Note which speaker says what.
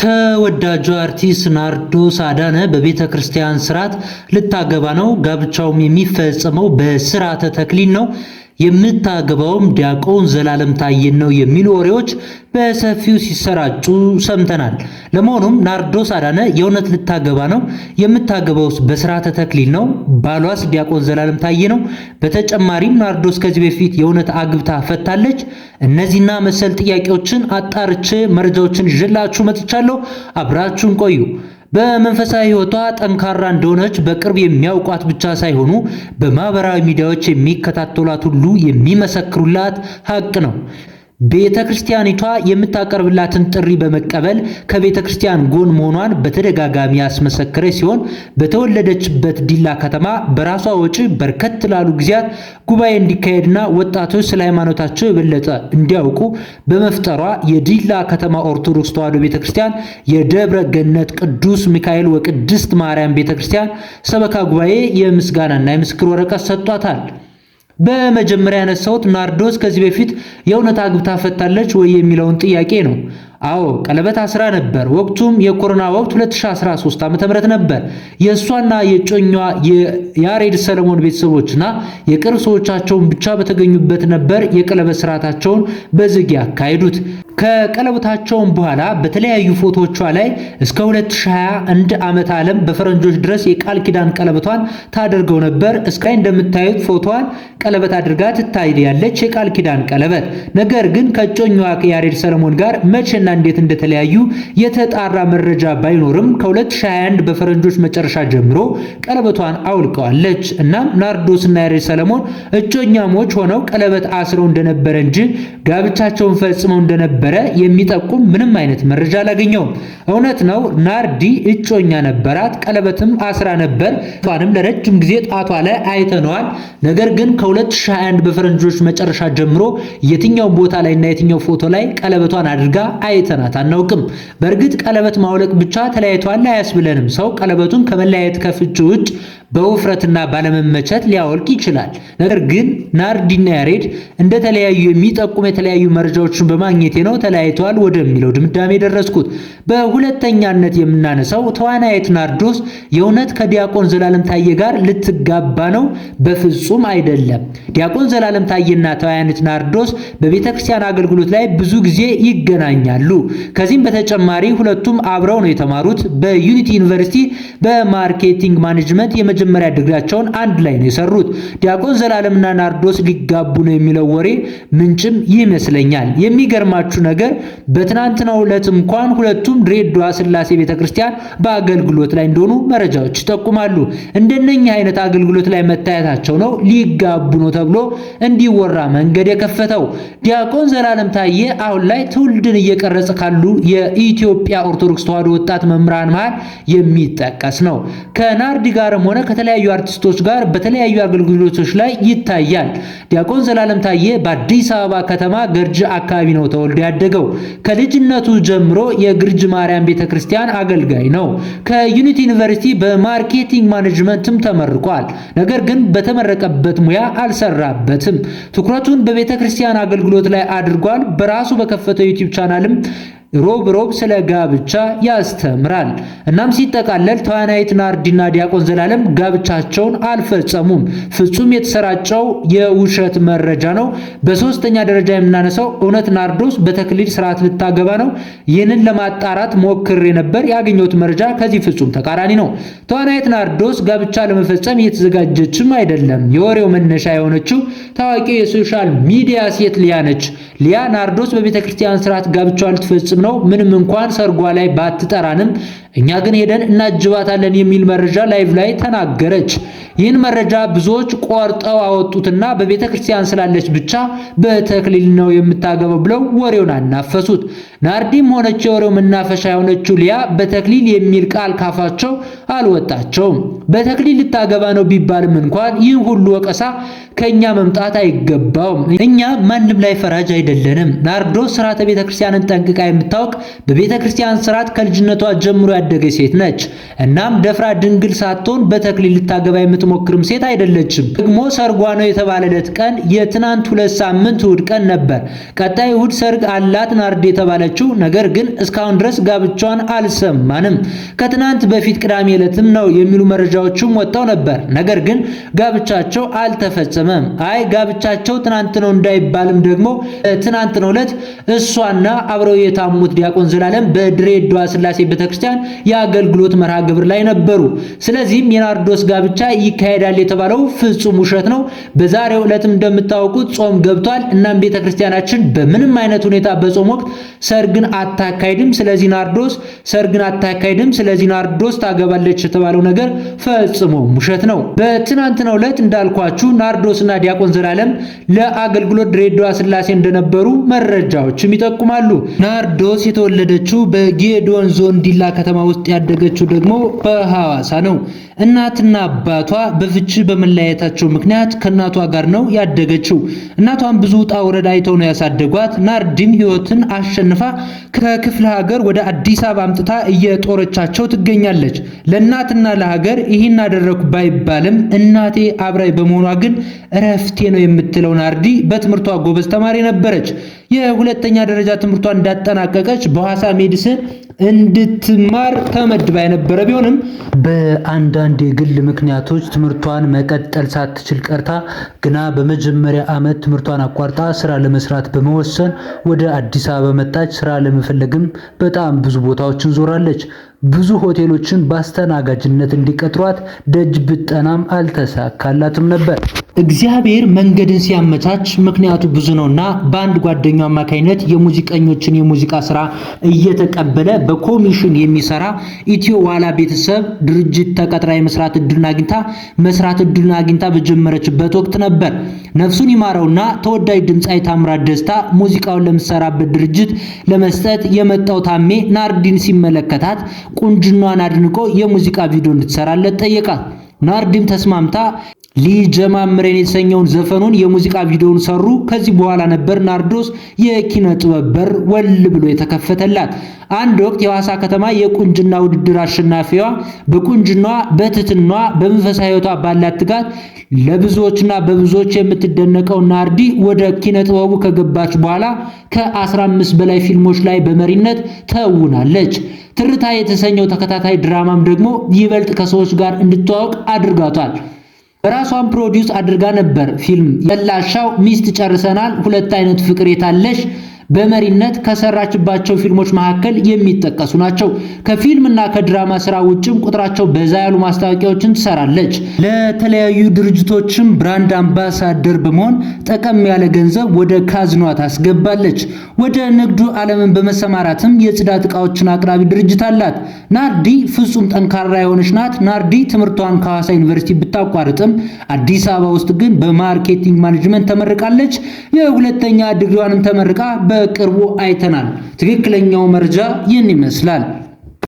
Speaker 1: ተወዳጁ አርቲስት ናርዶስ አዳነ በቤተ ክርስቲያን ስርዓት ልታገባ ነው። ጋብቻውም የሚፈጸመው በስርዓተ ተክሊል ነው። የምታገባውም ዲያቆን ዘላለም ታዬን ነው የሚሉ ወሬዎች በሰፊው ሲሰራጩ ሰምተናል። ለመሆኑም ናርዶስ አዳነ የእውነት ልታገባ ነው? የምታገባውስ በስርዓተ ተክሊል ነው? ባሏስ ዲያቆን ዘላለም ታዬ ነው? በተጨማሪም ናርዶስ ከዚህ በፊት የእውነት አግብታ ፈታለች? እነዚህና መሰል ጥያቄዎችን አጣርቼ መረጃዎችን ይዤላችሁ መጥቻለሁ። አብራችሁን ቆዩ። በመንፈሳዊ ሕይወቷ ጠንካራ እንደሆነች በቅርብ የሚያውቋት ብቻ ሳይሆኑ በማህበራዊ ሚዲያዎች የሚከታተሏት ሁሉ የሚመሰክሩላት ሀቅ ነው። ቤተ ክርስቲያኒቷ የምታቀርብላትን ጥሪ በመቀበል ከቤተ ክርስቲያን ጎን መሆኗን በተደጋጋሚ ያስመሰከረ ሲሆን በተወለደችበት ዲላ ከተማ በራሷ ወጪ በርከት ላሉ ጊዜያት ጉባኤ እንዲካሄድና ወጣቶች ስለ ሃይማኖታቸው የበለጠ እንዲያውቁ በመፍጠሯ የዲላ ከተማ ኦርቶዶክስ ተዋሕዶ ቤተ ክርስቲያን የደብረ ገነት ቅዱስ ሚካኤል ወቅድስት ማርያም ቤተ ክርስቲያን ሰበካ ጉባኤ የምስጋናና የምስክር ወረቀት ሰጥቷታል። በመጀመሪያ ያነሳሁት ናርዶስ ከዚህ በፊት የእውነት አግብታ ፈታለች ወይ የሚለውን ጥያቄ ነው። አዎ ቀለበት አስራ ነበር። ወቅቱም የኮሮና ወቅት 2013 ዓ.ም ነበር። የእሷና የጮኛ የያሬድ ሰለሞን ቤተሰቦችና የቅርብ ሰዎቻቸውን ብቻ በተገኙበት ነበር የቀለበት ስርዓታቸውን በዝግ ያካሄዱት። ከቀለበታቸውም በኋላ በተለያዩ ፎቶቿ ላይ እስከ 2020 እንደ ዓመት ዓለም በፈረንጆች ድረስ የቃል ኪዳን ቀለበቷን ታደርገው ነበር። እስከ እንደምታዩት ፎቶዋን ቀለበት አድርጋ ትታያለች፣ የቃል ኪዳን ቀለበት። ነገር ግን ከእጮኛዋ ያሬድ ሰለሞን ጋር መቼና እንዴት እንደተለያዩ የተጣራ መረጃ ባይኖርም ከ2021 በፈረንጆች መጨረሻ ጀምሮ ቀለበቷን አውልቀዋለች። እናም ናርዶስና ያሬድ ሰለሞን እጮኛሞች ሆነው ቀለበት አስረው እንደነበረ እንጂ ጋብቻቸውን ፈጽመው እንደነበረ እንደነበረ የሚጠቁም ምንም አይነት መረጃ አላገኘውም። እውነት ነው ናርዲ እጮኛ ነበራት፣ ቀለበትም አስራ ነበር። ቷንም ለረጅም ጊዜ ጣቷ ላይ አይተነዋል። ነገር ግን ከ2021 በፈረንጆች መጨረሻ ጀምሮ የትኛው ቦታ ላይ እና የትኛው ፎቶ ላይ ቀለበቷን አድርጋ አይተናት አናውቅም። በእርግጥ ቀለበት ማውለቅ ብቻ ተለያይቷል አያስብለንም። ሰው ቀለበቱን ከመለያየት ከፍች ውጭ በውፍረትና ባለመመቸት ሊያወልቅ ይችላል። ነገር ግን ናርዲና ያሬድ እንደተለያዩ የሚጠቁም የተለያዩ መረጃዎችን በማግኘቴ ነው ተለያይተዋል ወደሚለው ድምዳሜ ደረስኩት። በሁለተኛነት የምናነሳው ተዋናይት ናርዶስ የእውነት ከዲያቆን ዘላለም ታየ ጋር ልትጋባ ነው? በፍጹም አይደለም። ዲያቆን ዘላለም ታየና ተዋናይት ናርዶስ በቤተ ክርስቲያን አገልግሎት ላይ ብዙ ጊዜ ይገናኛሉ። ከዚህም በተጨማሪ ሁለቱም አብረው ነው የተማሩት። በዩኒቲ ዩኒቨርሲቲ በማርኬቲንግ ማኔጅመንት የመጀመሪያ ድግሪያቸውን አንድ ላይ ነው የሰሩት። ዲያቆን ዘላለምና ናርዶስ ሊጋቡ ነው የሚለው ወሬ ምንጭም ይመስለኛል። የሚገርማችሁ ነገር በትናንትናው ዕለት እንኳን ሁለቱም ድሬዳዋ ስላሴ ቤተ ክርስቲያን በአገልግሎት ላይ እንደሆኑ መረጃዎች ይጠቁማሉ። እንደነኚህ አይነት አገልግሎት ላይ መታየታቸው ነው ሊጋቡ ነው ተብሎ እንዲወራ መንገድ የከፈተው። ዲያቆን ዘላለም ታዬ አሁን ላይ ትውልድን እየቀረጸ ካሉ የኢትዮጵያ ኦርቶዶክስ ተዋሕዶ ወጣት መምህራን መሃል የሚጠቀስ ነው። ከናርዲ ጋርም ሆነ ከተለያዩ አርቲስቶች ጋር በተለያዩ አገልግሎቶች ላይ ይታያል። ዲያቆን ዘላለም ታዬ በአዲስ አበባ ከተማ ገርጅ አካባቢ ነው ተወልዶ ያደገው። ከልጅነቱ ጀምሮ የግርጅ ማርያም ቤተ ክርስቲያን አገልጋይ ነው። ከዩኒቲ ዩኒቨርሲቲ በማርኬቲንግ ማኔጅመንትም ተመርቋል። ነገር ግን በተመረቀበት ሙያ አልሰራበትም። ትኩረቱን በቤተ ክርስቲያን አገልግሎት ላይ አድርጓል። በራሱ በከፈተው ዩቲዩብ ቻናልም ሮብ ሮብ ስለ ጋብቻ ያስተምራል። እናም ሲጠቃለል ተዋናይት ናርዲና ዲያቆን ዘላለም ጋብቻቸውን አልፈጸሙም፣ ፍጹም የተሰራጨው የውሸት መረጃ ነው። በሶስተኛ ደረጃ የምናነሳው እውነት ናርዶስ በተክሊል ስርዓት ልታገባ ነው። ይህንን ለማጣራት ሞክሬ ነበር። ያገኘሁት መረጃ ከዚህ ፍጹም ተቃራኒ ነው። ተዋናይት ናርዶስ ጋብቻ ለመፈጸም እየተዘጋጀችም አይደለም። የወሬው መነሻ የሆነችው ታዋቂ የሶሻል ሚዲያ ሴት ሊያ ነች። ሊያ ናርዶስ በቤተክርስቲያን ስርዓት ጋብቻ ልትፈጽም ነው። ምንም እንኳን ሰርጓ ላይ ባትጠራንም እኛ ግን ሄደን እናጅባታለን የሚል መረጃ ላይቭ ላይ ተናገረች። ይህን መረጃ ብዙዎች ቆርጠው አወጡትና በቤተ ክርስቲያን ስላለች ብቻ በተክሊል ነው የምታገበው ብለው ወሬውን አናፈሱት። ናርዲም ሆነች የወሬው መናፈሻ የሆነችው ሊያ በተክሊል የሚል ቃል ካፋቸው አልወጣቸውም። በተክሊል ልታገባ ነው ቢባልም እንኳን ይህን ሁሉ ወቀሳ ከኛ መምጣት አይገባውም። እኛ ማንም ላይ ፈራጅ አይደለንም። ናርዶ ስርዓተ ቤተክርስቲያንን ጠንቅቃ የምታ ስታውቅ በቤተ ክርስቲያን ስርዓት ከልጅነቷ ጀምሮ ያደገች ሴት ነች። እናም ደፍራ ድንግል ሳትሆን በተክሊል ልታገባ የምትሞክርም ሴት አይደለችም። ደግሞ ሰርጓ ነው የተባለለት ቀን የትናንት ሁለት ሳምንት እሁድ ቀን ነበር። ቀጣይ እሁድ ሰርግ አላት ናርድ የተባለችው፣ ነገር ግን እስካሁን ድረስ ጋብቻዋን አልሰማንም። ከትናንት በፊት ቅዳሜ ዕለትም ነው የሚሉ መረጃዎችም ወጥተው ነበር። ነገር ግን ጋብቻቸው አልተፈጸመም። አይ ጋብቻቸው ትናንት ነው እንዳይባልም ደግሞ ትናንት ነው ዕለት እሷና አብረው የታሙ መሐሙድ ዲያቆን ዘላለም በድሬዳዋ ስላሴ ቤተክርስቲያን የአገልግሎት መርሃ ግብር ላይ ነበሩ። ስለዚህም የናርዶስ ጋብቻ ይካሄዳል የተባለው ፍጹም ውሸት ነው። በዛሬው ዕለትም እንደምታውቁት ጾም ገብቷል። እናም ቤተክርስቲያናችን በምንም አይነት ሁኔታ በጾም ወቅት ሰርግን አታካሂድም። ስለዚህ ናርዶስ ሰርግን አታካሂድም፣ ስለዚህ ናርዶስ ታገባለች የተባለው ነገር ፈጽሞ ውሸት ነው። በትናንትናው ዕለት እንዳልኳችሁ ናርዶስና ዲያቆን ዘላለም ለአገልግሎት ድሬዳዋ ስላሴ እንደነበሩ መረጃዎችም ይጠቁማሉ። ናርዶ ቴዎድሮስ የተወለደችው በጌዶን ዞን ዲላ ከተማ ውስጥ ያደገችው ደግሞ በሐዋሳ ነው። እናትና አባቷ በፍቺ በመለያየታቸው ምክንያት ከእናቷ ጋር ነው ያደገችው። እናቷን ብዙ ውጣ ውረድ አይተው ነው ያሳደጓት። ናርዲም ህይወትን አሸንፋ ከክፍለ ሀገር ወደ አዲስ አበባ አምጥታ እየጦረቻቸው ትገኛለች። ለእናትና ለሀገር ይህን አደረኩ ባይባልም እናቴ አብራይ በመሆኗ ግን እረፍቴ ነው የምትለው ናርዲ በትምህርቷ ጎበዝ ተማሪ ነበረች። የሁለተኛ ደረጃ ትምህርቷን እንዳጠናቀቀች በሐዋሳ ሜዲሲን እንድትማር ተመድባ የነበረ ቢሆንም
Speaker 2: በአንዳንድ የግል ምክንያቶች ትምህርቷን መቀጠል ሳትችል ቀርታ ግና በመጀመሪያ ዓመት ትምህርቷን አቋርጣ ስራ ለመስራት በመወሰን ወደ አዲስ አበባ መጣች። ስራ ለመፈለግም በጣም ብዙ ቦታዎችን ዞራለች። ብዙ ሆቴሎችን በአስተናጋጅነት እንዲቀጥሯት ደጅ ብጠናም አልተሳካላትም ነበር።
Speaker 1: እግዚአብሔር መንገድን ሲያመቻች ምክንያቱ ብዙ ነውና በአንድ ጓደኛው አማካኝነት የሙዚቀኞችን የሙዚቃ ስራ እየተቀበለ በኮሚሽን የሚሰራ ኢትዮ ዋላ ቤተሰብ ድርጅት ተቀጥራ የመስራት እድሉን አግኝታ መስራት እድሉን አግኝታ በጀመረችበት ወቅት ነበር። ነፍሱን ይማረውና ተወዳጅ ድምፃዊ ታምራት ደስታ ሙዚቃውን ለምሰራበት ድርጅት ለመስጠት የመጣው ታሜ ናርዲን ሲመለከታት ቁንጅናዋን አድንቆ የሙዚቃ ቪዲዮ እንድትሰራለት ጠየቃት። ናርዲም ተስማምታ ሊጀማምረን የተሰኘውን ዘፈኑን የሙዚቃ ቪዲዮውን ሰሩ። ከዚህ በኋላ ነበር ናርዶስ የኪነ ጥበብ በር ወል ብሎ የተከፈተላት። አንድ ወቅት የዋሳ ከተማ የቁንጅና ውድድር አሸናፊዋ በቁንጅናዋ፣ በትትናዋ፣ በመንፈሳዊ ሕይወቷ ባላት ትጋት ለብዙዎችና በብዙዎች የምትደነቀው ናርዲ ወደ ኪነ ጥበቡ ከገባች በኋላ ከ15 በላይ ፊልሞች ላይ በመሪነት ተውናለች። ትርታ የተሰኘው ተከታታይ ድራማም ደግሞ ይበልጥ ከሰዎች ጋር እንድትዋወቅ አድርጋቷል። ራሷን ፕሮዲውስ አድርጋ ነበር ፊልም የላሻው ሚስት ጨርሰናል፣ ሁለት አይነት ፍቅር የታለሽ በመሪነት ከሰራችባቸው ፊልሞች መካከል የሚጠቀሱ ናቸው። ከፊልምና ከድራማ ስራ ውጭም ቁጥራቸው በዛ ያሉ ማስታወቂያዎችን ትሰራለች። ለተለያዩ ድርጅቶችም ብራንድ አምባሳደር በመሆን ጠቀም ያለ ገንዘብ ወደ ካዝኗ ታስገባለች። ወደ ንግዱ ዓለምን በመሰማራትም የጽዳት እቃዎችን አቅራቢ ድርጅት አላት። ናርዲ ፍጹም ጠንካራ የሆነች ናት። ናርዲ ትምህርቷን ከሐዋሳ ዩኒቨርሲቲ ብታቋርጥም አዲስ አበባ ውስጥ ግን በማርኬቲንግ ማኔጅመንት ተመርቃለች። የሁለተኛ ድግሪዋንም ተመርቃ በቅርቡ አይተናል። ትክክለኛው መረጃ ይህን ይመስላል።